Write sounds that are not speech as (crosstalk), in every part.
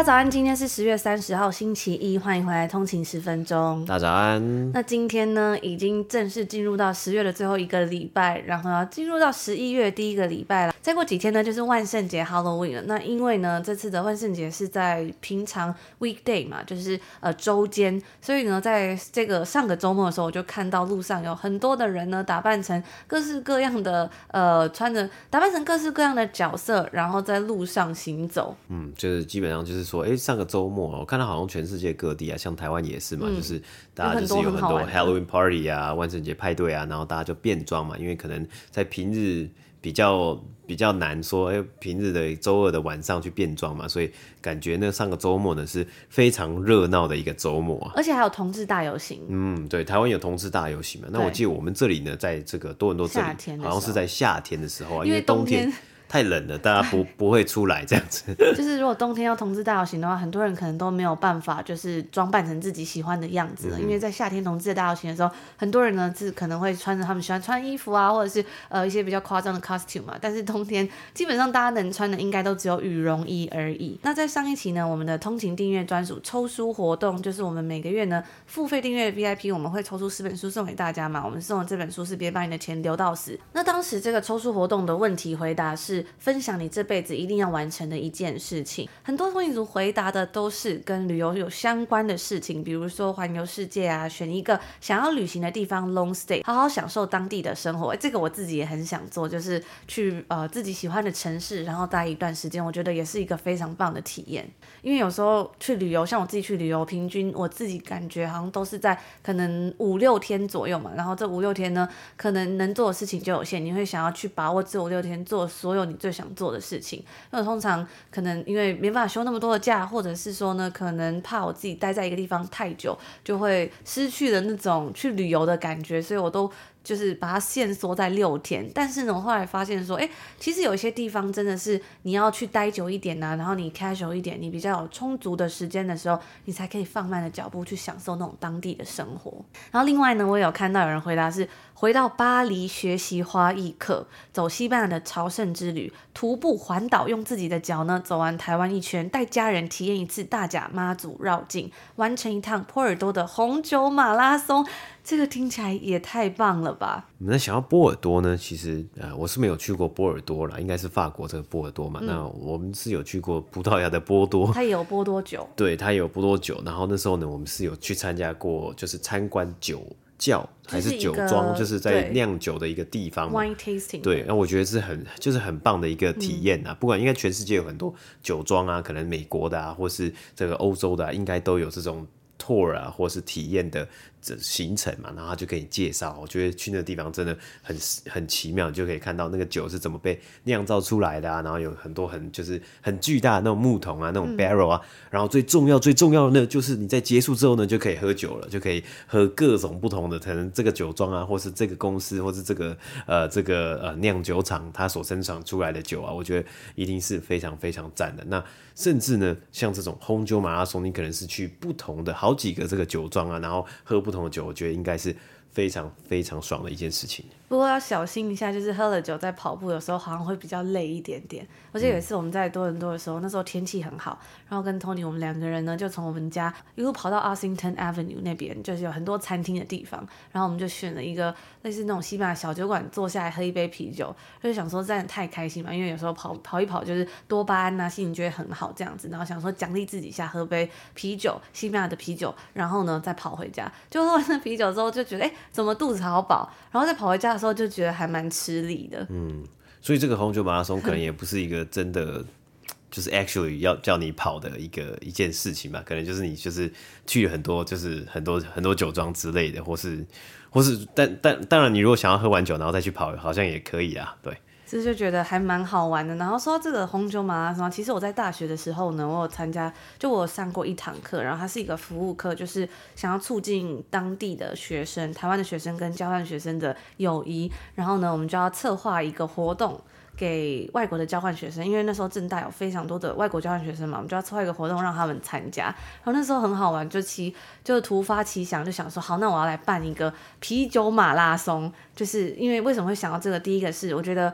大家早安，今天是十月三十號，星期一，歡迎回來通勤十分鐘。大早安。那今天呢，已經正式進入到十月的最後一個禮拜，然後要進入到十一月第一個禮拜了。再過幾天呢，就是萬聖節 Halloween 了。那因為呢，這次的萬聖節是在平常 weekday 嘛，就是呃周間，所以呢，在這個上個周末的時候，我就看到路上有很多的人呢，打扮成各式各樣的呃，穿着打扮成各式各樣的角色，然後在路上行走。嗯，就是基本上就是。說哎、欸，上個周末我看到好像全世界各地啊，像台灣也是嘛，嗯、就是大家就是有很多 Halloween party 啊，很很萬聖節派對啊，然後大家就變裝嘛，因為可能在平日比較比較難說，哎、欸，平日的周二的晚上去變裝嘛，所以感覺呢上個周末呢是非常熱鬧的一個周末啊，而且還有同志大遊行。嗯，對，台灣有同志大遊行嘛？對那我記得我們這裡呢，在這個多倫多這裡，好像是在夏天的時候啊，因為冬天。太冷了，大家不不會出來這樣子。 (laughs) 就是如果冬天要同志大遊行的話，很多人可能都沒有辦法，就是裝扮成自己喜歡的樣子了。因為在夏天同志大遊行的時候，很多人呢是可能會穿着他們喜歡穿衣服啊，或者是呃一些比較誇張的 costume 嘛、啊。但是冬天基本上大家能穿的應該都只有羽絨衣而已。那在上一期呢，我們的通勤訂閱專屬抽書活動，就是我們每個月呢付費訂閱的 VIP，我們會抽出十本書送給大家嘛。我們送的這本書是別把你的錢留到死。那當時這個抽書活動的問題回答是。分享你這輩子一定要完成的一件事情，很多通勤族回答的都是跟旅遊有相關的事情，比如說環遊世界啊，選一個想要旅行的地方 long stay，好好享受當地的生活、欸。這個我自己也很想做，就是去呃自己喜歡的城市，然後待一段時間，我覺得也是一個非常棒的體驗。因為有時候去旅遊，像我自己去旅遊，平均我自己感覺好像都是在可能五六天左右嘛，然後這五六天呢，可能能做的事情就有限，你會想要去把握這五六天做所有。你最想做的事情，那我通常可能因為沒辦法休那麼多的假，或者是說呢，可能怕我自己待在一個地方太久，就會失去了那種去旅遊的感覺，所以我都，就是把它限縮在六天，但是呢，我後來發現說，誒、欸，其實有一些地方真的是你要去待久一點呢、啊，然後你 casual 一點，你比較有充足的時間的時候，你才可以放慢的腳步去享受那種當地的生活。然後另外呢，我也有看到有人回答是回到巴黎學習花藝課，走西班牙的朝聖之旅，徒步環島，用自己的腳呢走完台灣一圈，帶家人體驗一次大甲媽祖繞境，完成一趟波爾多的紅酒馬拉松。這個聽起來也太棒了吧！那想要波爾多呢？其實、呃、我是沒有去過波爾多啦，應該是法國這個波爾多嘛。嗯、那我們是有去過葡萄牙的波多，它有波多酒，對，它有波多酒。然後那時候呢，我們是有去參加過，就是參觀酒窖還是酒莊，就是在釀酒的一個地方。Wine tasting 對。對，那我覺得是很就是很棒的一個體驗啊！嗯、不管應該全世界有很多酒莊啊，可能美國的啊，或是這個歐洲的，啊，應該都有這種。tour 啊，或是體驗的這行程嘛，然後他就給你介紹。我覺得去那個地方真的很很奇妙，你就可以看到那個酒是怎麼被釀造出來的啊。然後有很多很就是很巨大的那種木桶啊，那種 barrel 啊。嗯、然後最重要最重要的呢，就是你在結束之後呢，就可以喝酒了，就可以喝各種不同的，可能這個酒莊啊，或是這個公司，或是這個呃這個呃釀酒廠它所生產出來的酒啊。我覺得一定是非常非常讚的。那甚至呢，像這種紅酒馬拉松，你可能是去不同的好，好幾個這個酒莊啊，然後喝不同的酒，我覺得應該是非常非常爽的一件事情。不過要小心一下，就是喝了酒在跑步，有時候好像會比較累一點點。而且有一次我們在多倫多的時候，嗯、那時候天氣很好，然後跟 Tony 我們兩個人呢，就從我們家一路跑到 Ossington Avenue 那邊，就是有很多餐廳的地方。然後我們就選了一個類似那種西班牙小酒館，坐下來喝一杯啤酒，就是、想說真的太開心了，因為有時候跑跑一跑就是多巴胺啊，心情就會很好這樣子。然後想說獎勵自己一下，喝杯啤酒，西班牙的啤酒，然後呢再跑回家。就喝完那啤酒之後就覺得，哎、欸，怎麼肚子好飽？然後再跑回家的時候。時候就覺得還蠻吃力的，嗯，所以這個紅酒馬拉松可能也不是一個真的 (laughs) 就是 actually 要叫你跑的一個一件事情吧，可能就是你就是去了很多就是很多很多酒莊之類的，或是或是，但但當然，你如果想要喝完酒然後再去跑，好像也可以啊，對。其實就覺得還蠻好玩的。然後說到這個紅酒馬拉松，其實我在大學的時候呢，我有參加，就我上過一堂課，然後它是一個服務課，就是想要促進當地的學生、台灣的學生跟交換學生的友誼。然後呢，我們就要策劃一個活動給外國的交換學生，因為那時候政大有非常多的外國交換學生嘛，我們就要策劃一個活動讓他們參加。然後那時候很好玩，就其就是突發奇想，就想說好，那我要來辦一個啤酒馬拉松。就是因為為什麼會想到這個？第一個是我覺得。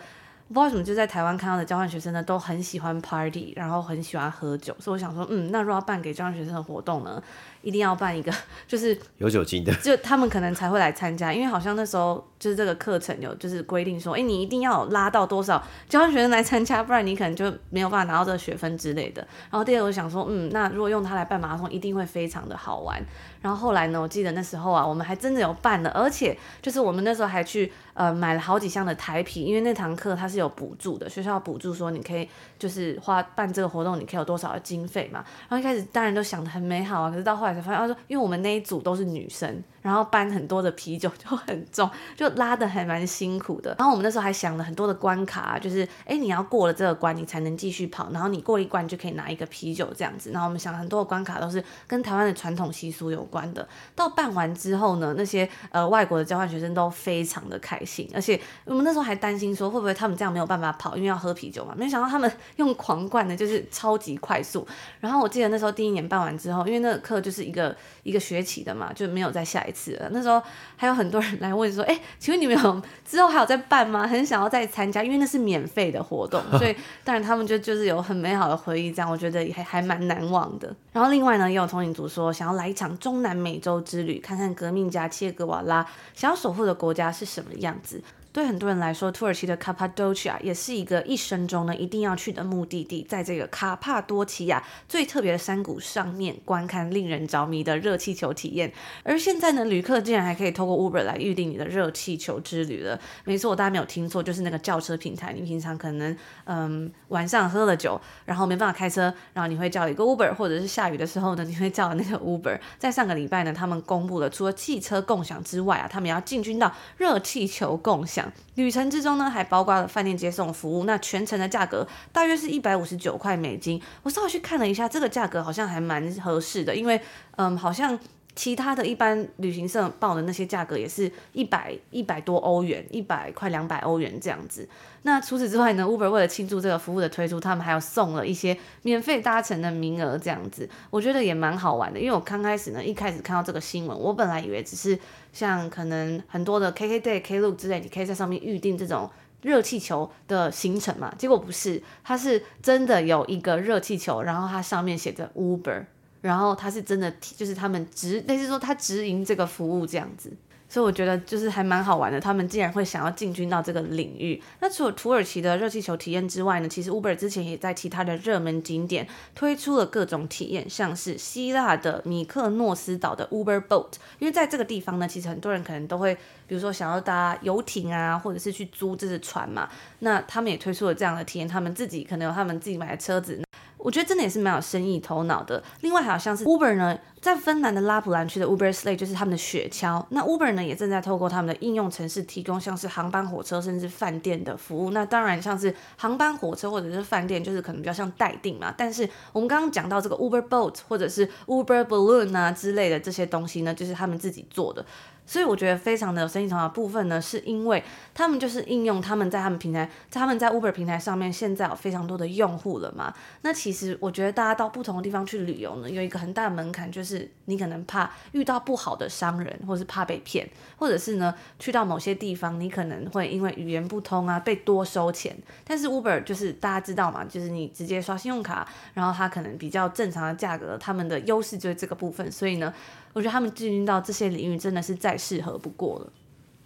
不知道為什麼，就在台灣看到的交換學生呢，都很喜歡 party，然後很喜歡喝酒，所以我想說，嗯，那如果要辦給交換學生的活動呢？一定要辦一個，就是有酒精的，就他們可能才會來參加，因為好像那時候就是這個課程有就是規定說，哎、欸，你一定要拉到多少交換學生來參加，不然你可能就沒有辦法拿到這個學分之類的。然後第二個我想說，嗯，那如果用它來辦馬拉松，一定會非常的好玩。然後後來呢，我記得那時候啊，我們還真的有辦了，而且就是我們那時候還去呃買了好幾箱的台啤，因為那堂課它是有補助的，學校補助說你可以就是花辦這個活動，你可以有多少的經費嘛。然後一開始當然都想得很美好啊，可是到後來。他說：“因為我們那一組都是女生，然後搬很多的啤酒就很重，就拉的還蠻辛苦的。然後我們那時候還想了很多的關卡、啊，就是哎、欸，你要過了這個關，你才能繼續跑。然後你過了一關，你就可以拿一個啤酒這樣子。然後我們想了很多的關卡都是跟台灣的傳統習俗有關的。到辦完之後呢，那些呃外國的交換學生都非常的開心。而且我們那時候還擔心說會不會他們這樣沒有辦法跑，因為要喝啤酒嘛。沒想到他們用狂灌的，就是超級快速。然後我記得那時候第一年辦完之後，因為那個課就是。”一個一個學期的嘛，就沒有再下一次了。那時候還有很多人來問說，哎，請問你們有之後還有再辦嗎？很想要再參加，因為那是免費的活動，所以當然他們就就是有很美好的回憶。這樣我覺得也還還蠻難忘的。然後另外呢，也有同行族說想要來一場中南美洲之旅，看看革命家切格瓦拉想要守護的國家是什麼樣子。對很多人來說，土耳其的卡帕多奇亞也是一個一生中呢一定要去的目的地。在這個卡帕多奇亞最特別的山谷上面，觀看令人着迷的熱氣球體驗。而現在呢，旅客竟然還可以透過 Uber 來預訂你的熱氣球之旅了。沒錯，我大家沒有聽錯，就是那個叫車平台。你平常可能嗯晚上喝了酒，然後沒辦法開車，然後你會叫一個 Uber，或者是下雨的時候呢，你會叫那個 Uber。在上個禮拜呢，他們公布了除了汽車共享之外啊，他們要進軍到熱氣球共享。旅程之中呢，還包括了飯店接送服務。那全程的價格大約是一百五十九塊美金。我稍微去看了一下，這個價格好像還蠻合適的，因為嗯，好像。其他的一般旅行社報的那些價格也是一百一百多歐元，一百快兩百歐元這樣子。那除此之外呢，Uber 為了慶祝這個服務的推出，他們還有送了一些免費搭乘的名額這樣子。我覺得也蠻好玩的，因為我剛開始呢，一開始看到這個新聞，我本來以為只是像可能很多的 KK Day, KK Day、Klook 之類，你可以在上面預定這種熱氣球的行程嘛。結果不是，它是真的有一個熱氣球，然後它上面寫着 Uber。然後他是真的，就是他們直，類似說他直營這個服務這樣子，所以我覺得就是還蠻好玩的。他們竟然會想要進軍到這個領域。那除了土耳其的熱氣球體驗之外呢，其實 Uber 之前也在其他的熱門景點推出了各種體驗，像是希臘的米克諾斯島的 Uber Boat，因為在這個地方呢，其實很多人可能都會，比如說想要搭遊艇啊，或者是去租這隻船嘛。那他們也推出了這樣的體驗，他們自己可能有他們自己買的車子。我覺得真的也是蠻有生意頭腦的。另外，還有像是 Uber 呢，在芬蘭的拉普蘭區的 Uber Sleigh 就是他們的雪橇。那 Uber 呢也正在透過他們的應用程式提供像是航班、火車甚至飯店的服務。那當然像是航班、火車或者是飯店，就是可能比較像代訂嘛。但是我們剛剛講到這個 Uber Boat 或者是 Uber Balloon 啊之類的這些東西呢，就是他們自己做的。所以我覺得非常的有生意長的部分呢，是因為他們就是應用他們在他們平台，在他們在 Uber 平台上面現在有非常多的用戶了嘛。那其實我覺得大家到不同的地方去旅遊呢，有一個很大的門檻，就是你可能怕遇到不好的商人，或是怕被騙，或者是呢去到某些地方，你可能會因為語言不通啊被多收錢。但是 Uber 就是大家知道嘛，就是你直接刷信用卡，然後它可能比較正常的價格，他們的優勢就是這個部分。所以呢。我覺得他們進軍到這些領域真的是再適合不過了。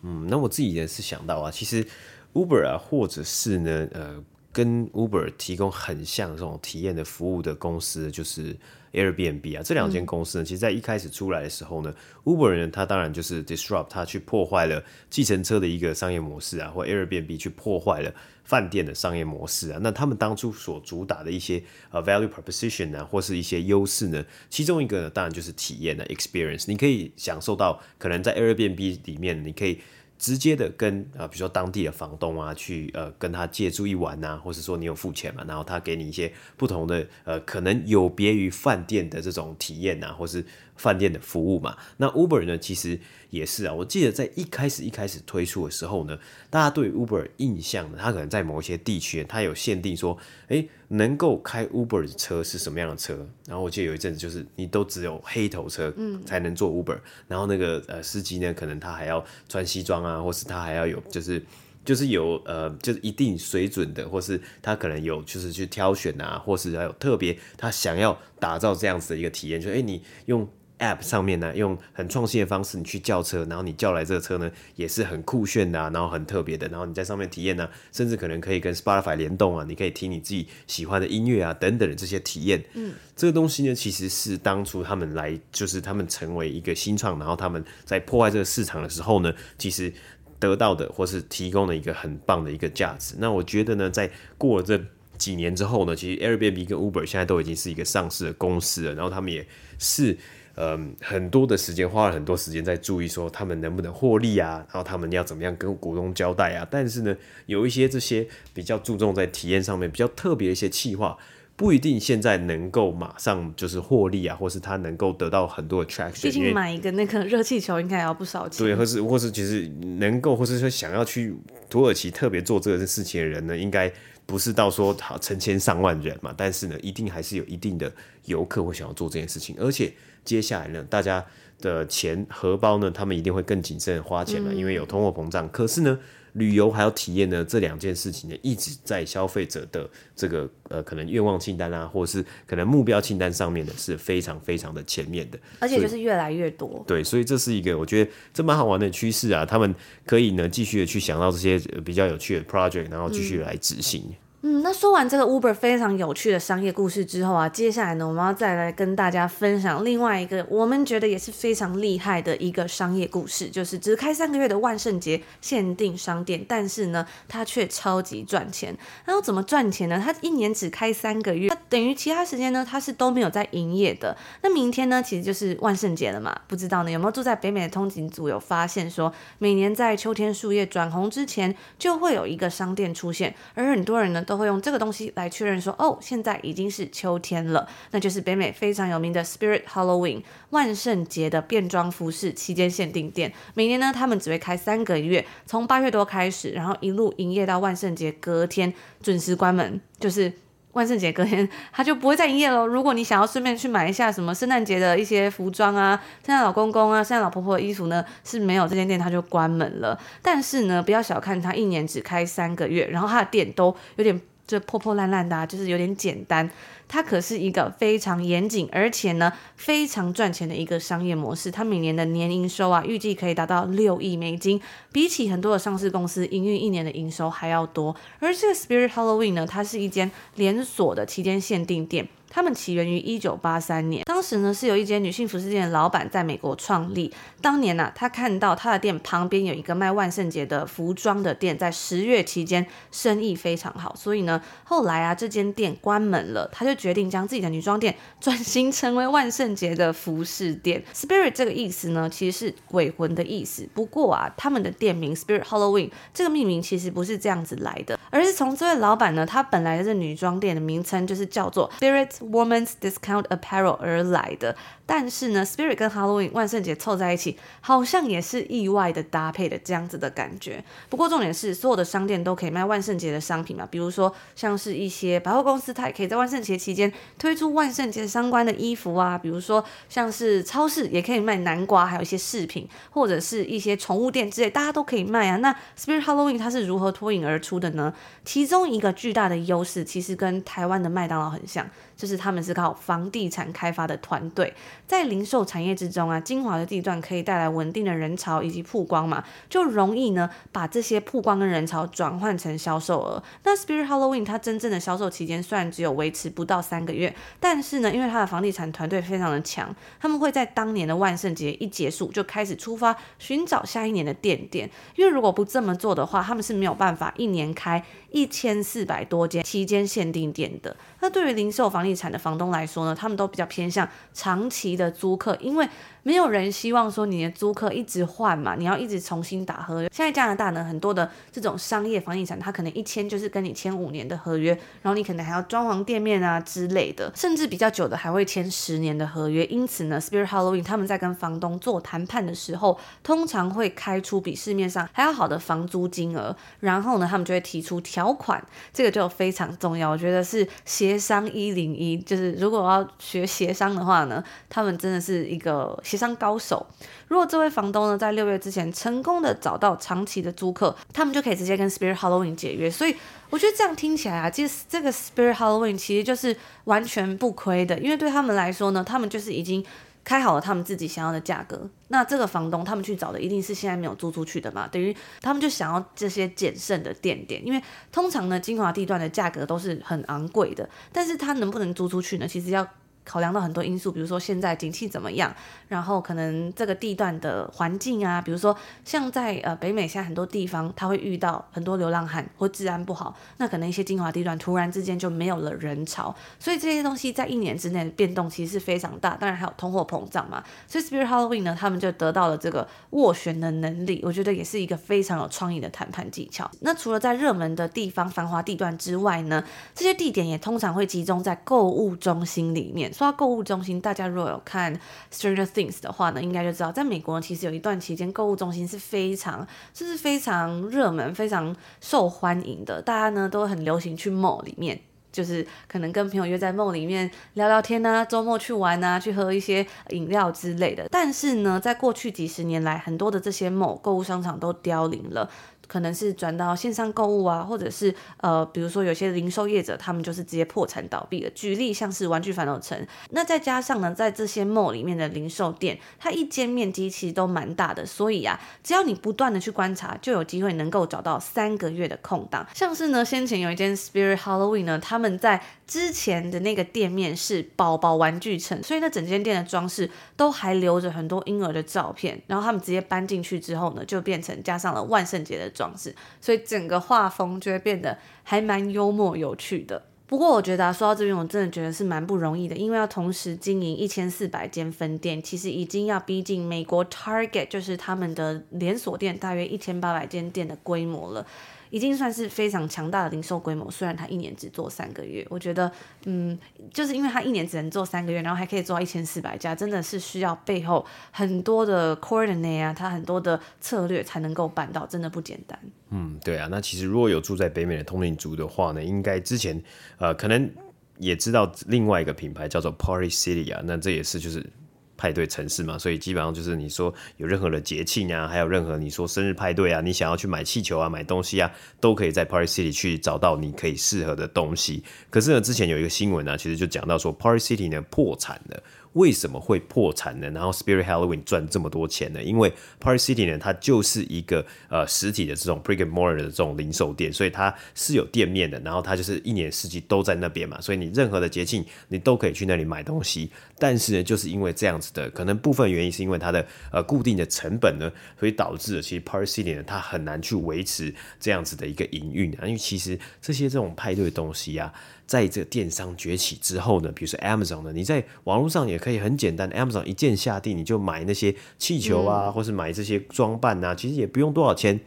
嗯，那我自己也是想到啊，其實 Uber 啊，或者是呢，呃，跟 Uber 提供很像這種體驗的服務的公司，就是 Airbnb 啊，這兩間公司呢，嗯、其實，在一開始出來的時候呢，Uber 呢，它當然就是 Disrupt，它去破壞了計程車的一個商業模式啊，或 Airbnb 去破壞了。飯店的商業模式啊，那他們當初所主打的一些呃 value proposition 呢、啊，或是一些優勢呢，其中一個呢，當然就是體驗的、啊、experience。你可以享受到可能在 Airbnb 裡面，你可以直接的跟呃，比如說當地的房東啊，去呃跟他借住一晚吶、啊，或者說你有付錢嘛，然後他給你一些不同的呃，可能有別於飯店的這種體驗啊，或是飯店的服務嘛。那 Uber 呢，其實。也是啊，我記得在一開始一開始推出的時候呢，大家對 Uber 印象呢，他可能在某一些地區，他有限定說，哎、欸，能夠開 Uber 的車是什麼樣的車？然後我記得有一陣子就是，你都只有黑頭車才能坐 Uber，嗯、然後那個呃司機呢，可能他還要穿西裝啊，或是他還要有就是就是有呃就是一定水準的，或是他可能有就是去挑選啊，或是還有特別他想要打造這樣子的一個體驗，說、就、哎、是欸、你用。App 上面呢、啊，用很創新的方式，你去叫車，然後你叫來這個車呢，也是很酷炫的、啊，然後很特別的，然後你在上面體驗呢、啊，甚至可能可以跟 Spotify 聯動啊，你可以聽你自己喜歡的音樂啊，等等的這些體驗。嗯，這個東西呢，其實是當初他們來，就是他們成為一個新創，然後他們在破壞這個市場的時候呢，其實得到的或是提供了一個很棒的一個價值。那我覺得呢，在過了這幾年之後呢，其實 Airbnb 跟 Uber 現在都已經是一個上市的公司了，然後他們也是。嗯，很多的時間花了很多時間在注意說他們能不能獲利啊，然後他們要怎麼樣跟股東交代啊。但是呢，有一些這些比較注重在體驗上面，比較特別一些企劃，不一定現在能夠馬上就是獲利啊，或是他能夠得到很多的 traction。畢竟買一個那個熱氣球應該要不少錢。對，或是或是其實能夠，或是說想要去土耳其特別做這個事情的人呢，應該不是到說好成千上萬人嘛。但是呢，一定還是有一定的遊客會想要做這件事情，而且。接下來呢，大家的錢荷包呢，他們一定會更謹慎花錢了，因為有通貨膨脹。嗯、可是呢，旅遊還有體驗呢，這兩件事情呢，一直在消費者的這個呃可能願望清單啊，或是可能目標清單上面呢，是非常非常的前面的，而且就是越來越多。對，所以這是一個我覺得這蠻好玩的趨勢啊，他們可以呢繼續的去想到這些比較有趣的 project，然後繼續來執行。嗯嗯，那說完這個 Uber 非常有趣的商業故事之後啊，接下來呢，我們要再來跟大家分享另外一個我們覺得也是非常厲害的一個商業故事，就是只開三個月的萬聖節限定商店，但是呢，它卻超級賺錢。那要怎麼賺錢呢？它一年只開三個月，它等於其他時間呢，它是都沒有在營業的。那明天呢，其實就是萬聖節了嘛，不知道呢有沒有住在北美的通勤族有發現說，每年在秋天樹葉轉紅之前，就會有一個商店出現，而很多人呢。都會用這個東西來確認說，哦，現在已經是秋天了，那就是北美非常有名的 Spirit Halloween 萬聖節的變裝服飾期間限定店。每年呢，他們只會開三個月，從八月多開始，然後一路營業到萬聖節隔天準時關門，就是。萬聖節隔天，它就不會再營業咯。如果你想要順便去買一下什麼聖誕節的一些服裝啊，聖誕老公公啊、聖誕老婆婆的衣服呢，是沒有這間店，它就關門了。但是呢，不要小看它，一年只開三個月，然後它的店都有點。是破破爛爛的、啊，就是有點簡單。它可是一個非常嚴謹，而且呢非常賺錢的一個商業模式。它每年的年營收啊，預計可以達到六億美金，比起很多的上市公司營運一年的營收還要多。而這個 Spirit Halloween 呢，它是一間連鎖的期間限定店。他們起源於一九八三年，當時呢是有一間女性服飾店的老板在美國創立。當年呢，啊，他看到他的店旁邊有一個賣萬聖節的服裝的店，在十月期間生意非常好，所以呢，後來啊這間店關門了，他就決定將自己的女裝店轉型成為萬聖節的服飾店。Spirit 這個意思呢，其實是鬼魂的意思。不過啊，他們的店名 Spirit Halloween 這個命名其實不是這樣子來的，而是從這位老板呢，他本來的這女裝店的名稱就是叫做 Spirit。Woman's discount apparel 而來的，但是呢，Spirit 跟 Halloween 萬聖節湊在一起，好像也是意外的搭配的這樣子的感覺。不過重點是，所有的商店都可以賣萬聖節的商品嘛，比如說像是一些百貨公司，它也可以在萬聖節期間推出萬聖節相關的衣服啊，比如說像是超市也可以賣南瓜，還有一些飾品，或者是一些寵物店之類，大家都可以賣啊。那 Spirit Halloween 它是如何脫穎而出的呢？其中一個巨大的優勢，其實跟台灣的麥當勞很像，是他們是靠房地產開發的團隊。在零售產業之中啊，精華的地段可以帶來穩定的人潮以及曝光嘛，就容易呢把這些曝光跟人潮轉換成銷售額。那 Spirit Halloween 它真正的銷售期間雖然只有維持不到三個月，但是呢，因為它的房地產團隊非常的強，他們會在當年的萬聖節一結束就開始出發尋找下一年的店店，因為如果不這麼做的話，他們是沒有辦法一年開一千四百多間期間限定店的。那對於零售房地，產的房東來說呢，他們都比較偏向長期的租客，因為，沒有人希望說你的租客一直換嘛，你要一直重新打合約。現在加拿大呢，很多的這種商業房地產，它可能一簽就是跟你簽五年的合約，然後你可能還要裝潢店面啊之類的，甚至比較久的還會簽十年的合約。因此呢，Spirit Halloween 他們在跟房東做談判的時候，通常會開出比市面上還要好的房租金額，然後呢，他們就會提出條款，這個就非常重要。我覺得是協商一零一，就是如果我要學協商的話呢，他們真的是一個。協商高手。如果這位房東呢，在六月之前成功的找到長期的租客，他們就可以直接跟 Spirit Halloween 解約。所以我覺得這樣聽起來啊，其實這個 Spirit Halloween 其實就是完全不虧的，因為對他們來說呢，他們就是已經開好了他們自己想要的價格。那這個房東他們去找的一定是現在沒有租出去的嘛？等於他們就想要這些撿剩的店點點。因為通常呢，精華地段的價格都是很昂貴的，但是他能不能租出去呢？其實要考量到很多因素，比如說現在景氣怎麼樣，然後可能這個地段的環境啊，比如說像在呃北美，現在很多地方它會遇到很多流浪漢或治安不好，那可能一些精華地段突然之間就沒有了人潮，所以這些東西在一年之內的變動其實是非常大。當然還有通貨膨脹嘛，所以 Spirit Halloween 呢，他們就得到了這個斡旋的能力，我覺得也是一個非常有創意的談判技巧。那除了在熱門的地方繁華地段之外呢，這些地點也通常會集中在購物中心裡面。說到購物中心，大家如果有看 Stranger Things 的話呢，應該就知道，在美國其實有一段期間，購物中心是非常，就是非常熱門、非常受歡迎的。大家呢都很流行去 mall 裡面，就是可能跟朋友約在 mall 裡面聊聊天啊，周末去玩啊，去喝一些飲料之類的。但是呢，在過去幾十年來，很多的這些 mall 購物商場都凋零了。可能是轉到線上購物啊，或者是呃，比如說有些零售業者，他們就是直接破產倒閉了。舉例像是玩具反斗城。那再加上呢，在這些 mall 裡面的零售店，它一間面積其實都蠻大的，所以啊，只要你不斷的去觀察，就有機會能夠找到三個月的空檔。像是呢，先前有一間 Spirit Halloween 呢，他們在之前的那個店面是寶寶玩具城，所以那整間店的裝飾都還留着很多嬰兒的照片，然後他們直接搬進去之後呢，就變成加上了萬聖節的。裝飾，所以整個畫風就會變得還蠻幽默有趣的。不過我覺得啊，說到這邊，我真的覺得是蠻不容易的，因為要同時經營一千四百間分店，其實已經要逼近美國 Target 就是他們的連鎖店大約一千八百間店的規模了。已經算是非常強大的零售規模，雖然它一年只做三個月。我覺得，嗯，就是因為它一年只能做三個月，然後還可以做到一千四百家，真的是需要背後很多的 coordinate 啊，它很多的策略，才能夠辦到，真的不簡單。嗯，對啊，那其實如果有住在北美的通勤族的話呢，應該之前呃可能也知道另外一個品牌叫做 Party City 啊，那這也是就是。派對城市嘛，所以基本上就是你說有任何的節慶啊，還有任何你說生日派對啊，你想要去買氣球啊、買東西啊，都可以在 Party City 去找到你可以適合的東西。可是呢，之前有一個新聞呢、啊，其實就講到說 Party City 呢破產了。為什麼會破產呢？然後 Spirit Halloween 賺這麼多錢呢？因為 Party City 呢，它就是一個呃實體的這種 p r i k and More 的這種零售店，所以它是有店面的。然後它就是一年四季都在那邊嘛，所以你任何的節慶你都可以去那裡買東西。但是呢，就是因為這樣子的，可能部分原因是因為它的呃固定的成本呢，所以導致了其實 Party City 呢它很難去維持這樣子的一個營運啊。因為其實這些這種派對的東西啊。在這個電商崛起之後呢，比如說 Amazon 呢，你在網絡上也可以很簡單 Amazon 一鍵下訂，你就買那些氣球啊，嗯、或是買這些裝扮啊，其實也不用多少錢。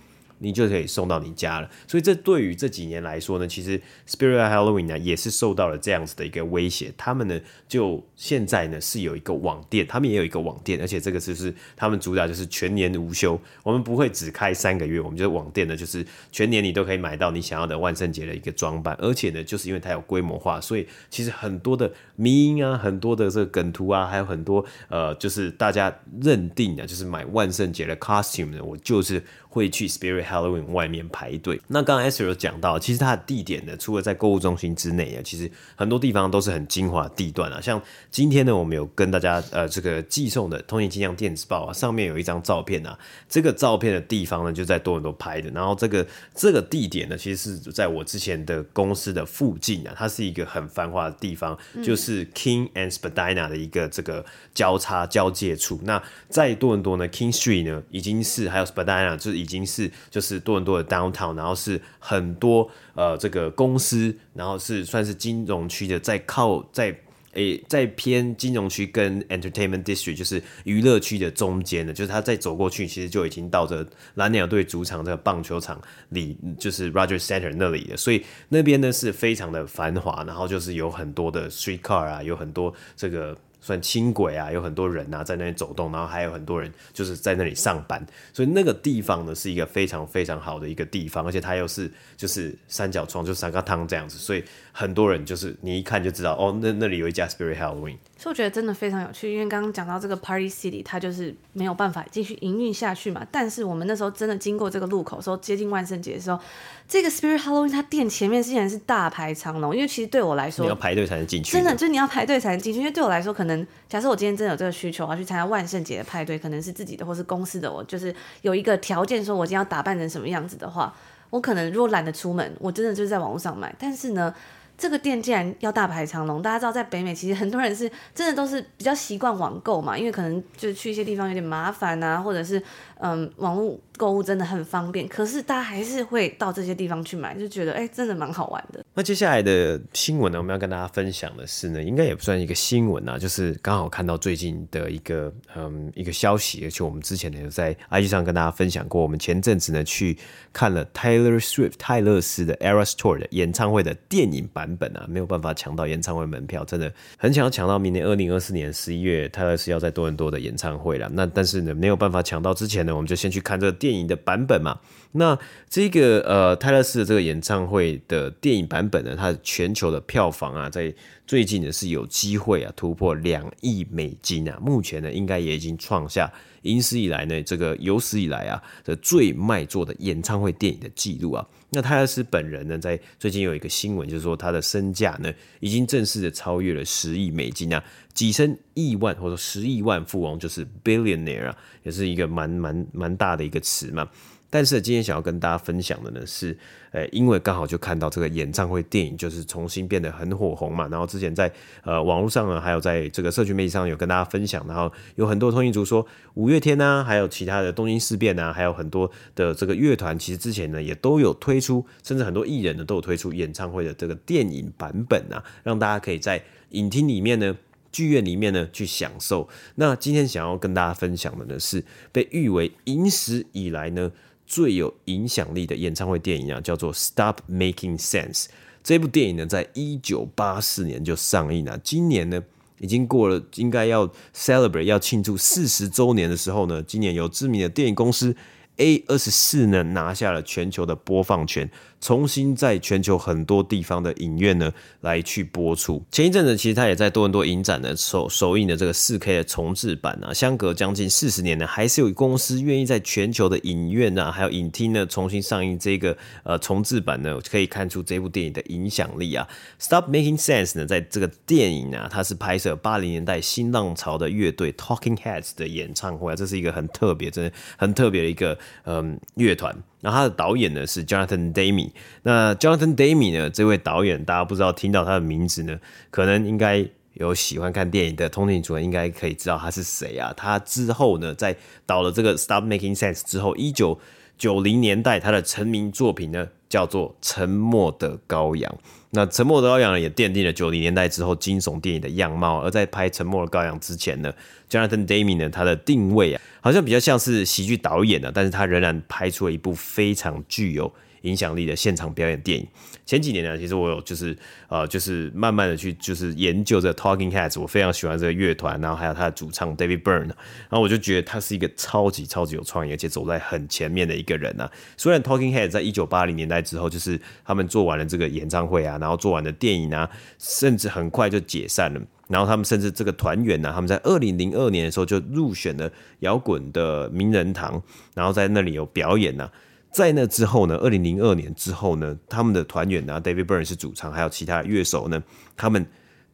你就可以送到你家了，所以這對於這幾年來說呢，其實 Spirit Halloween 呢也是受到了這樣子的一個威脅。他們呢，就現在呢是有一個網店，他們也有一個網店，而且這個就是他們主打就是全年無休，我們不會只開三個月，我們就是網店呢就是全年你都可以買到你想要的萬聖節的一個裝扮，而且呢，就是因為它有規模化，所以其實很多的迷因啊，很多的這個梗圖啊，還有很多呃，就是大家認定的，啊，就是買萬聖節的 costume 呢，我就是。會去 Spirit Halloween 外面排隊。那剛剛 a s r i e 有講到，其實它的地點呢，除了在購物中心之內啊，其實很多地方都是很精華地段啊。像今天呢，我們有跟大家呃這個寄送的《通勤精釀電子報》啊，上面有一張照片啊，這個照片的地方呢，就在多倫多拍的。然後這個這個地點呢，其實是在我之前的公司的附近啊，它是一個很繁華的地方，嗯、就是 King and Spadina 的一個這個交叉交界處。那在多倫多呢，King Street 呢，已經是還有 Spadina 就是。已經是就是多倫多的 downtown，然後是很多呃這個公司，然後是算是金融區的，在靠在誒、欸、在偏金融區跟 entertainment district 就是娛樂區的中間的，就是他在走過去，其實就已經到着藍鳥隊主場的這個棒球場裡，就是 Roger Center 那裡的，所以那邊呢是非常的繁華，然後就是有很多的 street car 啊，有很多這個。算輕軌啊，有很多人吶、啊、在那裡走動，然後還有很多人就是在那裡上班，所以那個地方呢是一個非常非常好的一個地方，而且它又是就是三角窗，就三角窗這樣子，所以。很多人就是你一看就知道哦，那那裡有一家 Spirit Halloween。所以我覺得真的非常有趣，因為剛剛講到這個 Party City，它就是沒有辦法繼續營運下去嘛。但是我們那時候真的經過這個路口說接近萬聖節的時候，這個 Spirit Halloween 它店前面竟然是大排長龍，因為其實對我來說你要排隊才能進去，真的就是你要排隊才能進去。因為對我來說，可能假設我今天真的有這個需求，我要去參加萬聖節的派對，可能是自己的或是公司的，我就是有一個條件說，我今天要打扮成什麼樣子的話，我可能如果懶得出門，我真的就是在網絡上買。但是呢。這個店竟然要大排長龍，大家知道，在北美其實很多人是真的都是比較習慣網購嘛，因為可能就是去一些地方有點麻煩吶、啊，或者是。嗯，網絡購物真的很方便，可是大家還是會到這些地方去買，就覺得哎、欸，真的蠻好玩的。那接下來的新聞呢？我們要跟大家分享的是呢，應該也不算一個新聞啊，就是剛好看到最近的一個嗯一個消息，而且我們之前呢有在 IG 上跟大家分享過，我們前陣子呢去看了 Taylor Swift 泰勒斯的 Eras Tour 的演唱會的電影版本啊，沒有辦法搶到演唱會門票，真的很想要搶到明年二零二四年十一月泰勒斯要在多倫多的演唱會了，那但是呢沒有辦法搶到之前的。我們就先去看這個電影的版本嘛。那這個呃泰勒斯的這個演唱會的電影版本呢，它全球的票房啊，在最近呢是有機會啊突破兩億美金啊。目前呢，應該也已經創下有史以來呢這個有史以來啊的最賣座的演唱會電影的記錄啊。那泰勒斯本人呢，在最近有一個新聞，就是說他的身價呢已經正式的超越了十億美金啊，躋身億萬或者十億萬富翁，就是 billionaire 啊，也是一個蠻蠻蠻大的一個詞嘛。但是今天想要跟大家分享的呢是，誒、欸，因為剛好就看到這個演唱會電影，就是重新變得很火紅嘛。然後之前在呃網絡上呢，還有在這個社群媒體上有跟大家分享。然後有很多通勤族說，五月天呢、啊，還有其他的東京事變啊，還有很多的這個樂團，其實之前呢也都有推出，甚至很多藝人呢都有推出演唱會的這個電影版本啊，讓大家可以在影廳裡面呢、劇院裡面呢去享受。那今天想要跟大家分享的呢是，被譽為影史以來呢。最有影響力的演唱會電影啊，叫做《Stop Making Sense》。這部電影呢，在一九八四年就上映了。今年呢，已經過了，應該要 celebrate 要慶祝四十周年的時候呢，今年有知名的電影公司 A 二十四呢，拿下了全球的播放權。重新在全球很多地方的影院呢，來去播出。前一陣子其實他也在多倫多影展的首首映的這個四 K 的重製版啊，相隔將近四十年呢，還是有公司願意在全球的影院啊，還有影廳呢重新上映這個呃重製版呢，可以看出這部電影的影響力啊。Stop Making Sense 呢，在這個電影啊，它是拍攝八零年代新浪潮的樂隊 Talking Heads 的演唱會啊，這是一個很特別，真的很特別的一個嗯樂團。呃然後他的導演呢是 Jonathan Demme，那 Jonathan Demme 呢，這位導演，大家不知道聽到他的名字呢，可能應該有喜歡看電影的通勤族人應該可以知道他是誰啊。他之後呢，在導了這個《Stop Making Sense》之後，一九九零年代他的成名作品呢叫做《沉默的羔羊》。那《沉默的羔羊》也奠定了九零年代之後驚悚電影的樣貌。而在拍《沉默的羔羊》之前呢，Jonathan Demme 呢，他的定位啊，好像比較像是喜劇導演呢、啊，但是他仍然拍出了一部非常具有、喔。影響力的現場表演電影。前幾年呢，其實我有就是呃，就是慢慢的去就是研究這個 Talking Heads。我非常喜歡這個樂團，然後還有他的主唱 David Byrne。然後我就覺得他是一個超級超級有創意，而且走在很前面的一個人啊。雖然 Talking Heads 在一九八零年代之後，就是他們做完了這個演唱會啊，然後做完了電影啊，甚至很快就解散了。然後他們甚至這個團員呢、啊，他們在二零零二年的時候就入選了搖滾的名人堂，然後在那裡有表演啊。在那之後呢，二零零二年之後呢，他們的團員呢、啊、，David Byrne 是主唱，還有其他樂手呢，他們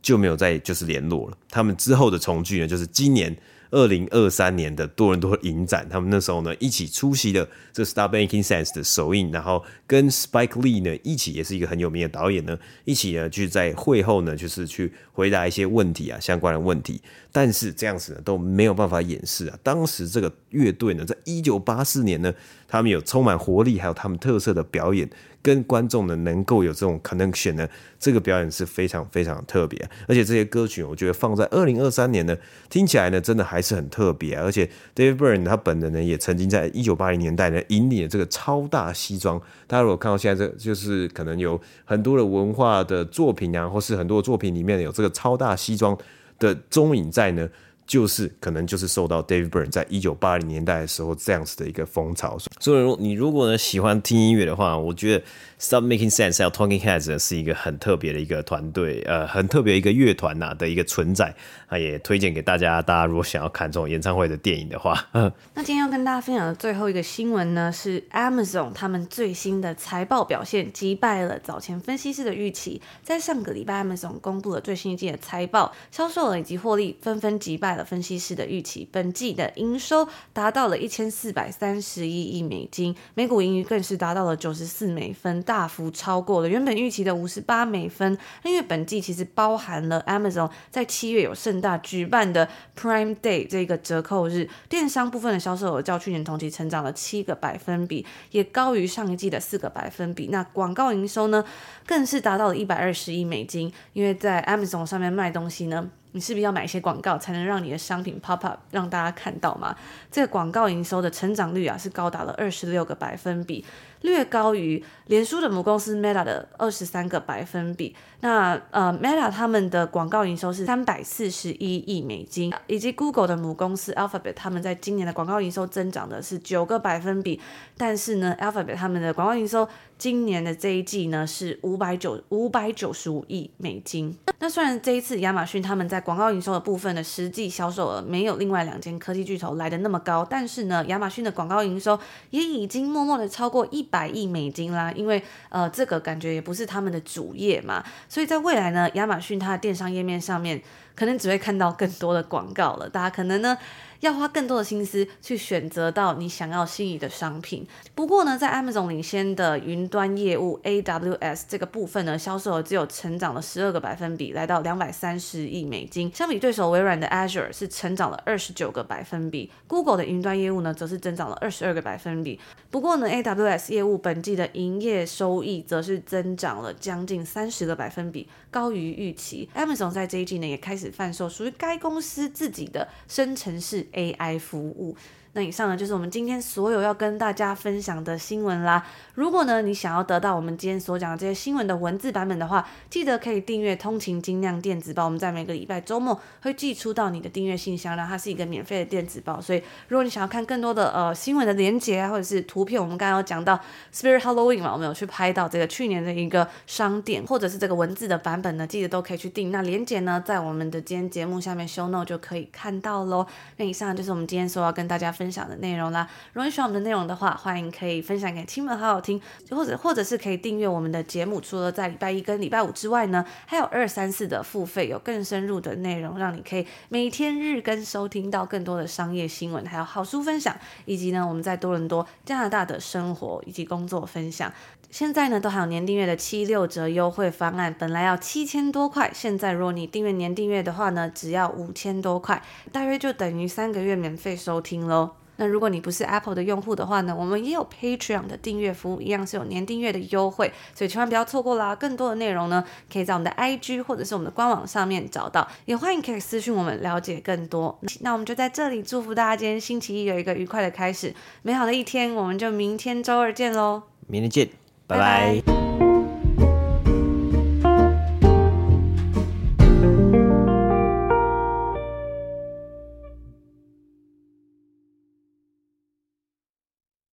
就沒有再就是聯絡了。他們之後的重聚呢，就是今年二零二三年的多倫多影展，他們那時候呢一起出席了這《Stop Making Sense》的首映，然後跟 Spike Lee 呢一起，也是一個很有名的導演呢，一起呢去在會後呢，就是去回答一些問題啊，相關的問題。但是這樣子呢都沒有辦法掩飾啊。當時這個樂隊呢，在一九八四年呢。他們有充滿活力，還有他們特色的表演，跟觀眾呢能夠有這種 connection 呢，這個表演是非常非常特別。而且這些歌曲，我覺得放在二零二三年呢，聽起來呢真的還是很特別。而且 David Byrne 他本人呢，也曾經在一九八零年代呢引領了這個超大西裝。大家如果看到現在這個，就是可能有很多的文化的作品啊，或是很多的作品裡面有這個超大西裝的蹤影在呢。就是可能就是受到 David Byrne 在一九八零年代的時候這樣子的一個風潮，所以如你如果呢喜歡聽音樂的話，我覺得。Stop Making Sense、L、Talking Heads 是一個很特別的一個團隊，呃，很特別一個樂團吶的一個存在。啊，也推薦給大家，大家如果想要看這種演唱會的電影的話。呵呵。那今天要跟大家分享的最後一個新聞呢，是 Amazon 他們最新的財報表現擊敗了早前分析師的預期。在上個禮拜，Amazon 公布了最新一季的財報，銷售額以及獲利紛紛擊敗了分析師的預期。本季的營收達到了一千四百三十一億美金，每股盈餘更是達到了九十四美分。大幅超過了原本預期的五十八美分，因為本季其實包含了 Amazon 在七月有盛大舉辦的 Prime Day 這個折扣日，電商部分的銷售額較去年同期成長了七個百分比，也高於上一季的四個百分比。那廣告營收呢，更是達到了一百二十億美金，因為在 Amazon 上面賣東西呢，你是不是要買一些廣告才能讓你的商品 pop up 讓大家看到嘛？這個廣告營收的成長率啊，是高達了二十六個百分比。略高於臉書的母公司 Meta 的二十三個百分比。那呃，Meta 他們的廣告營收是三百四十一億美金，以及 Google 的母公司 Alphabet，他們在今年的廣告營收增長的是九個百分比。但是呢，Alphabet 他們的廣告營收今年的這一季呢是五百九五百九十五億美金。那雖然這一次亞馬遜他們在廣告營收的部分的實際銷售額沒有另外兩間科技巨頭來得那麼高，但是呢，亞馬遜的廣告營收也已經默默的超過一。百億美金啦，因為呃，這個感覺也不是他們的主業嘛，所以在未來呢，亞馬遜它的電商頁面上面，可能只會看到更多的廣告了，大家可能呢。要花更多的心思去選擇到你想要心儀的商品。不過呢，在 Amazon 領先的雲端業務 AWS 這個部分呢，銷售額只有成長了十二個百分比，來到兩百三十億美金。相比對手微軟的 Azure 是成長了二十九個百分比，Google 的雲端業務呢，則是增長了二十二個百分比。不過呢，AWS 業務本季的營業收益則是增長了將近三十個百分比，高於預期。Amazon 在這一季呢，也開始販售屬於該公司自己的生成式。AI 服務。那以上呢，就是我們今天所有要跟大家分享的新聞啦。如果呢你想要得到我們今天所講的這些新聞的文字版本的話，記得可以訂閱通勤精釀電子報。我們在每個禮拜週末會寄出到你的訂閱信箱，然後它是一個免費的電子報。所以如果你想要看更多的呃新聞的連結啊，或者是圖片，我們剛剛有講到 Spirit Halloween 嘛，我們有去拍到這個去年的一個商店，或者是這個文字的版本呢，記得都可以去訂。那連接呢在我們的今天節目下面 Show Note 就可以看到嘍。那以上就是我們今天所要跟大家分享的內容啦，如果你喜歡我們的內容的話，歡迎可以分享給親朋好友聽，或者或者是可以訂閱我們的節目。除了在禮拜一跟禮拜五之外呢，還有二三四的付費，有更深入的內容，讓你可以每天日更收聽到更多的商業新聞，還有好書分享，以及呢我們在多倫多加拿大的生活以及工作分享。現在呢，都還有年訂閱的七六折優惠方案，本來要七千多塊，現在如果你訂閱年訂閱的話呢，只要五千多塊，大約就等於三個月免費收聽嘍。那如果你不是 Apple 的用戶的話呢，我們也有 Patreon 的訂閱服務，一樣是有年訂閱的優惠，所以千萬不要錯過啦！更多的內容呢，可以在我們的 IG 或者是我們的官網上面找到，也歡迎可以私訊我們了解更多。那那我們就在這裡祝福大家今天星期一有一個愉快的開始，美好的一天，我們就明天週二見嘍！明天見。拜拜。